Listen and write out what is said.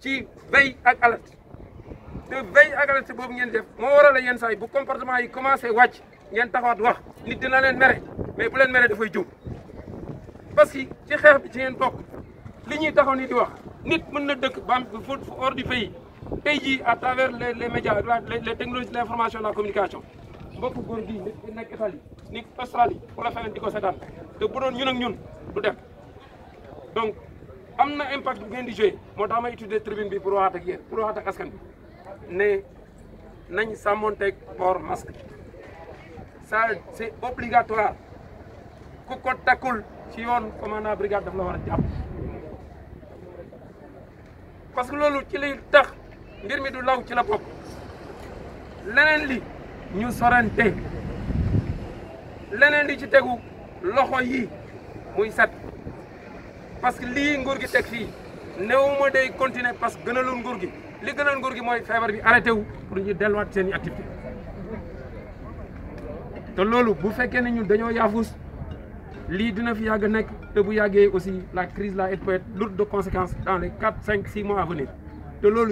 ci veille ak alerte te veille ak alerte boobu ngeen def moo waral la yenn saa bu comportement yi commencé wàcc ngeen taxawaat wax nit dina leen mere mais bu leen mere dafay jum parce que ci xeex bi ci ngeen bokk li ñuy taxaw ni di wax nit mën na dëkk ba hors du pays tey jii à travers les les médias l'information la communication mbokk góor gii nit ki nekk Italie nit Australie wala feneen di ko seetaan te bu doon ñun ak ñun du dem am na impact bu ngeen di joué moo tax may étudier tribune bi pour waxaat ak yéen pour waxaat ak askan bi ne nañ sàmmonteeg port masque ça c' obligatoire ku ko takkul ci yoon commandant brigade daf la war a jàpp parce que loolu ci lay tax mbir mi du law ci la bopp leneen li ñu sorante leneen li ci tegu loxo yi muy set parce que li nguur gi tek fi newuma day continuer parce que gënalul nguur gi li gënal nguur gi moy fièvre bi arrêté wu pour ñu delluwaat seen activité té lolu bu féké ni ñu dañoo yafus li dina fi yag nekk té bu yagé aussi la crise là elle peut être lourde de conséquences dans les 4 5 6 mois à venir té lolu